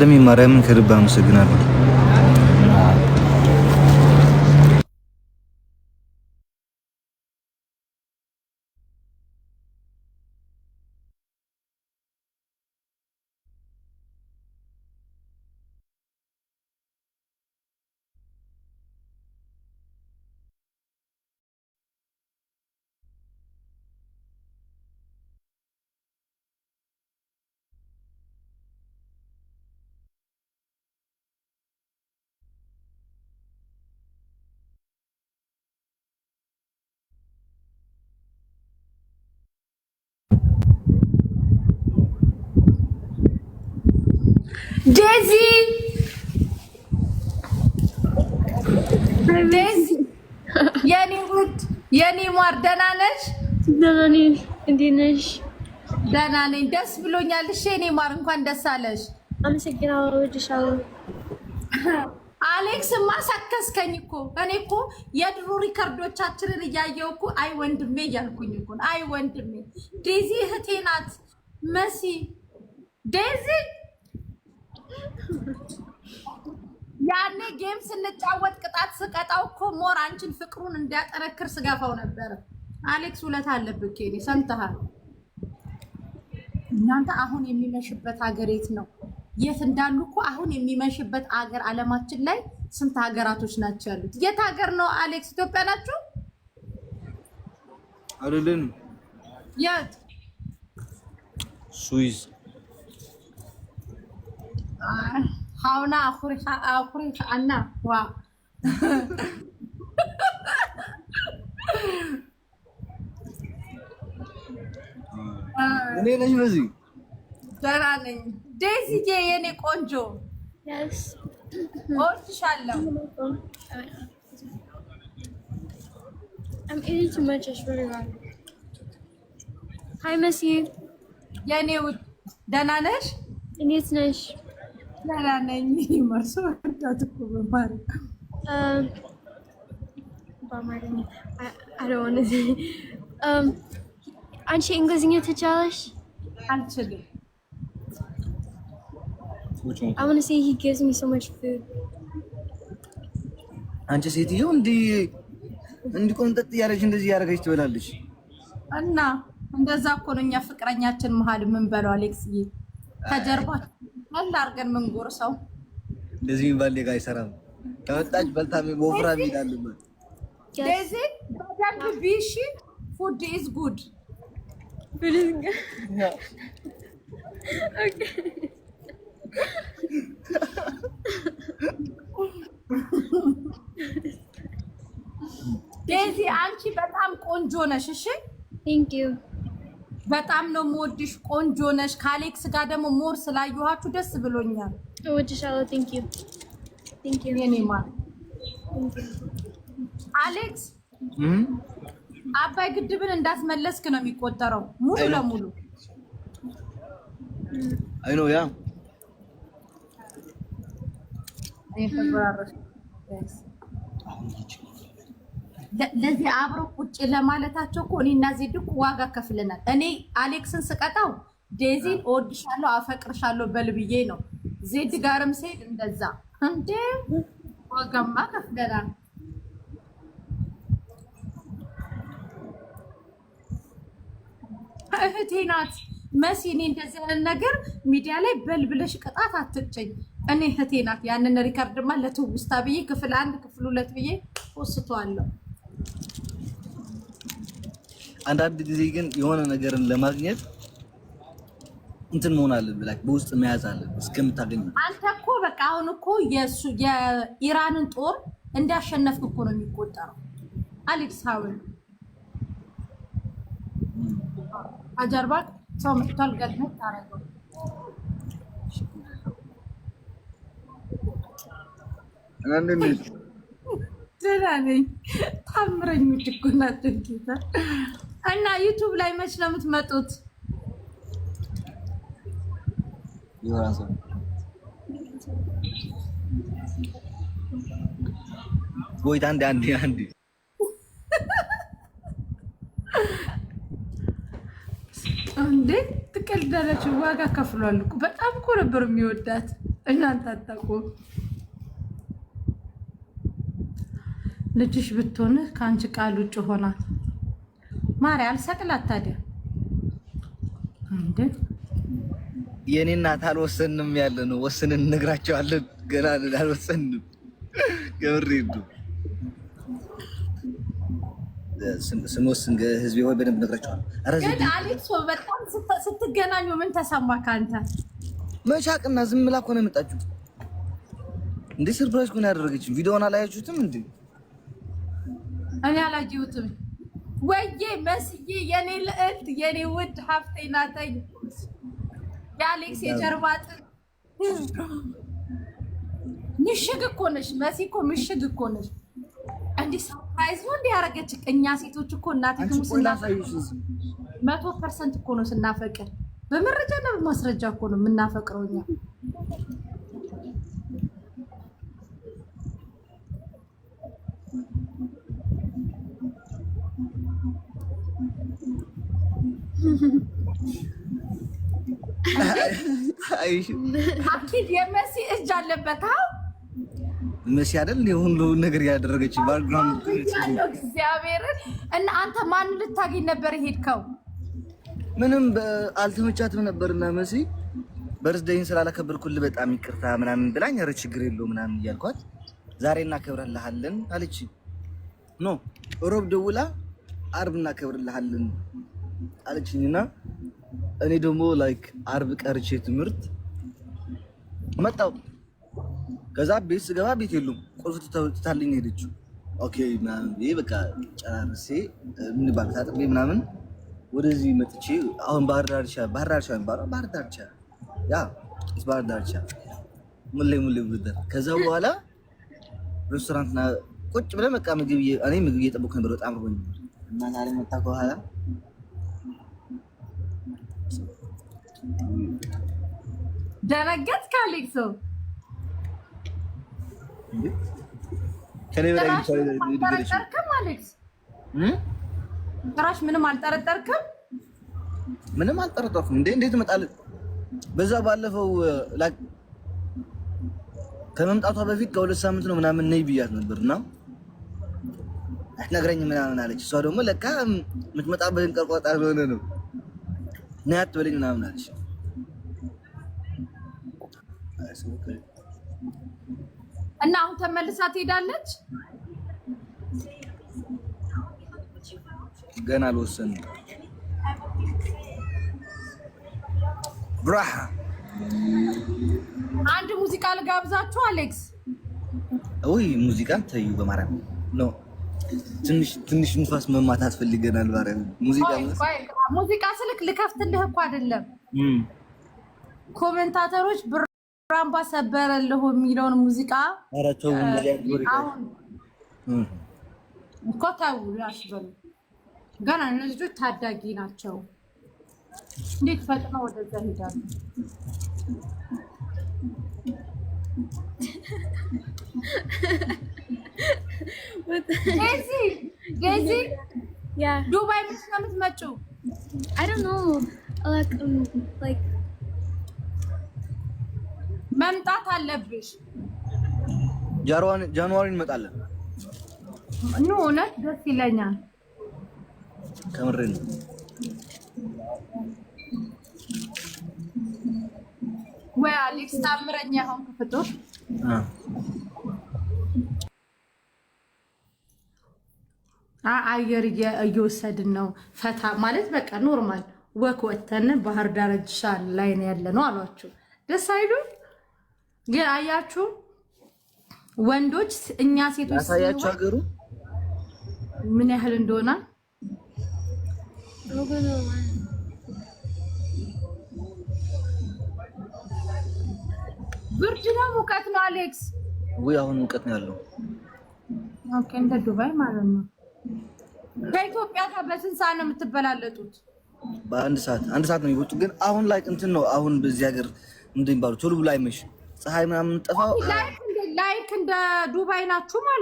ለምን ማርያምን ከልብ አመሰግናለሁ። ዴዚ ዴዚ የኔ ውድ የኔ ማር ደህና ነሽ? ደህና ነኝ። እንዴት ነሽ? ደህና ነኝ። ደስ ብሎኛል። እሺ የኔ ማር እንኳን ደስ አለሽ። አመሰግናለሁ። እወድሻለሁ። አሌክስ ማሳከስከኝ እኮ እኔ እኮ የድሮ ሪከርዶቻችንን እያየው እኮ አይ ወንድሜ እያልኩኝ እኮ አይ ወንድሜ ዴዚ እህቴ ናት መሲ ዴዚ ያኔ ጌም ስንጫወት ቅጣት ስቀጣው እኮ ሞር አንቺን ፍቅሩን እንዲያጠነክር ስገፋው ነበር። አሌክስ ውለት አለብህ ኬኒ ሰምተሃል። እናንተ አሁን የሚመሽበት ሀገር የት ነው? የት እንዳሉ እኮ አሁን የሚመሽበት አገር አለማችን ላይ ስንት ሀገራቶች ናቸው ያሉት? የት ሀገር ነው አሌክስ? ኢትዮጵያ ናችሁ አልልን የት ስዊዝ ሀውና አኩሪ ከአና ዋ እኔ ነኝ። በዚህ ደህና ነኝ። ዴዚዬ የኔ ቆንጆ እወድሻለሁ። ሀይ መሲ የኔ ደህና ነሽ? እንዴት ነሽ? አንቺ እንግሊዝኛ ትችያለሽ? አልችልም። አንቺ ሴትዮ እንዲህ እንዲህ ቆንጠጥ እያደረግሽ እንደዚህ እያደረገች ትበላለች እና እንደዛ እኮ ነው እኛ ፍቅረኛችን መሀል ምን አሌክስዬ ከጀርባ ቀለል አድርገን ምንጎርሰው እንደዚህ የሚባል ሌጋ አይሰራም። ከመጣች በልታ ወፍራም ይላል ለዚህ በደንብ ቢሺ ፉድ ኢዝ ጉድ ዴዚ አንቺ በጣም ቆንጆ ነሽ። እሺ ቴንክ ዩ በጣም ነው የምወድሽ። ቆንጆ ነሽ። ከአሌክስ ጋር ደግሞ ሞር ስላየኋችሁ ደስ ብሎኛል። እወድሻለሁ። አሌክስ አባይ ግድብን እንዳስመለስክ ነው የሚቆጠረው ሙሉ ለሙሉ አይኖ ያ አሁን ለዚህ አብሮ ቁጭ ለማለታቸው እኮ እኔና ዜድ ዋጋ ከፍለናል። እኔ አሌክስን ስቀጣው ዴዚን እወድሻለሁ፣ አፈቅርሻለሁ በልብዬ ነው። ዜድ ጋርም ሴድ እንደዛ እንደ ዋጋማ ከፍለናል። እህቴ ናት መሲ። እኔ እንደዚህ ያለ ነገር ሚዲያ ላይ በልብለሽ ቅጣት አትቸኝ እኔ እህቴ ናት። ያንን ሪከርድማ ለትውስታ ብዬ ክፍል አንድ ክፍል ሁለት ብዬ ወስቷለሁ። አንዳንድ ጊዜ ግን የሆነ ነገርን ለማግኘት እንትን መሆን አለብህ፣ በውስጥ መያዝ አለብህ እስከምታገኝ። አንተ እኮ በቃ አሁን እኮ የኢራንን ጦር እንዳሸነፍክ እኮ ነው የሚቆጠረው። አሌክስ ሀውል አጀርባ ሰው መጥቷል። ገጥሞ ታረገው ደህና ነኝ። ታምረኞች እኮ ናቸው ጌታ እና ዩቱብ ላይ መች ነው የምትመጡት? ቆይታ አንዴ አንዴ አንዴ እንዴ ትቀልዳለች። ዋጋ ከፍሏል እኮ በጣም እኮ ነበር የሚወዳት። እናንተ አታውቁም። ልጅሽ ብትሆን ከአንቺ ቃል ውጭ ሆናት። ማሪ አልሰቅላት ታዲያ እንዴ የኔ እናት አልወሰንም ያለ ነው። ወስንን እነግራቸዋለን። ገና አልወሰንም ገብሬ ዱ ስንወስን ህዝቤ ወይ በደንብ እነግራቸዋለሁ። ግን አሌክስ በጣም ስትገናኙ ምን ተሰማ ከአንተ መሻቅና ዝም ብላ እኮ ነው የመጣችሁ እንዴ ሰርፕራይዝ እኮ ነው ያደረገችን። ቪዲዮውን አላያችሁትም እንዴ? እኔ አላየሁትም። ወዬ መስዬ የኔ ልዕልት የኔ ውድ ሀፍቴ ናተኝ የአሌክስ የጀርባ ጥን ምሽግ እኮ ነሽ መሲ እኮ ምሽግ እኮ ነሽ። እንዲህ ሰርፕራይዝ ነው እንዲህ ያደረገች እኛ ሴቶች እኮ እናቴ መቶ ፐርሰንት እኮ ነው ስናፈቅር በመረጃና በማስረጃ እኮ ነው የምናፈቅረው እኛ አኪድ የመሲ እጅ አለበት። መሲ አይደል ሁሉ ነገር ያደረገች ባክግራውንድ እግዚአብሔርን እና አንተ ማን ልታገኝ ነበር ሄድከው? ምንም አልተመቻትም ነበርና መሲ በርዝደይን ስላላከበርኩልህ በጣም ይቅርታ ምናምን ብላኝ፣ ኧረ ችግር የለው ምናምን እያልኳት ዛሬ እናከብርልሃለን አለች። ኖ ሮብ ደውላ አርብ እናከብርልሃለን አለችኝና እኔ ደግሞ ላይክ አርብ ቀርቼ ትምህርት መጣው። ከዛ ቤት ስገባ ቤት የሉም። ቁልፍ ትታልኝ ሄደችው። ኦኬ ምናምን ብዬ በቃ ጨራርሴ ምን ባል ታጥቤ ምናምን ወደዚህ መጥቼ አሁን ባህር ዳርቻ ባህር ዳርቻ የሚባለው ባህር ዳርቻ ያ ባህር ዳርቻ ሙሌ ሙሌ ብደር ከዛ በኋላ ሬስቶራንት ቁጭ ብለን በቃ ምግብ እኔ ምግብ እየጠበኩ ነበር። በጣም ርቦኝ እና ታሪ መጣ ከኋላ ደነገጥ ካሌክ ሰው አልጠረጠርክም? አሌክስ ጭራሽ ምንም አልጠረጠርክም? ምንም አልጠረጠርኩም። እንዴ እንዴት እመጣለሁ? በዛ ባለፈው ከመምጣቷ በፊት ከሁለት ሳምንት ነው ምናምን ነይ ብያት ነበር እና ነግረኝ ምናምን አለች። እሷ ደግሞ ለካ የምትመጣበትን ቀርቋጣ ሆነ ነው ነይ አትበለኝ ምናምን እና አሁን ተመልሳ ትሄዳለች። ገና አልወሰን ብራሃ አንድ ሙዚቃ ልጋብዛችሁ። አሌክስ ውይ ሙዚቃ ተዩ በማርያም ነው ትንሽ ትንሽ ንፋስ መማት አስፈልገናል። ባሪያ ሙዚቃ ሙዚቃ ስልክ ልከፍትልህ እኮ አይደለም። ኮሜንታተሮች ብራምባ ሰበረልሁ የሚለውን ሙዚቃ እኮ ተው ያስበሉ። ገና እነዚህ ልጆች ታዳጊ ናቸው። እንዴት ፈጥነው ወደዛ ሄዳሉ? ዱባይ መች ነው የምትመጪው? Um, መምጣት አለብሽ። ጃንዋሪ እንመጣለን። ኑ እውነት ደስ ይለኛል። ከምሬ ነው። ወይ አሌክስ ታምረኛ አሁን ከፍቶ አየር እየወሰድን ነው ፈታ ማለት በቃ ኖርማል ወክ ወተን ባህር ዳር ላይ ነው ያለ ነው አሏችሁ። ደስ አይሉ ግን አያችሁ ወንዶች እኛ ሴቶች ሳያችሁ ሀገሩ ምን ያህል እንደሆነ ብርድ ነው ሙቀት ነው አሌክስ ወይ አሁን ሙቀት ነው ያለው ኦኬ እንደ ዱባይ ማለት ነው ከኢትዮጵያ ጋር በስንት ሰዓት ነው የምትበላለጡት? በአንድ ሰዓት አንድ ሰዓት ነው የሚወጡ። ግን አሁን ላይ እንትን ነው አሁን በዚህ ሀገር እንደሚባሉ ቶሎ ብሎ አይመሽም። ፀሐይ ምናምን ጠፋው። ላይክ እንደ ዱባይ ናችሁ ማለት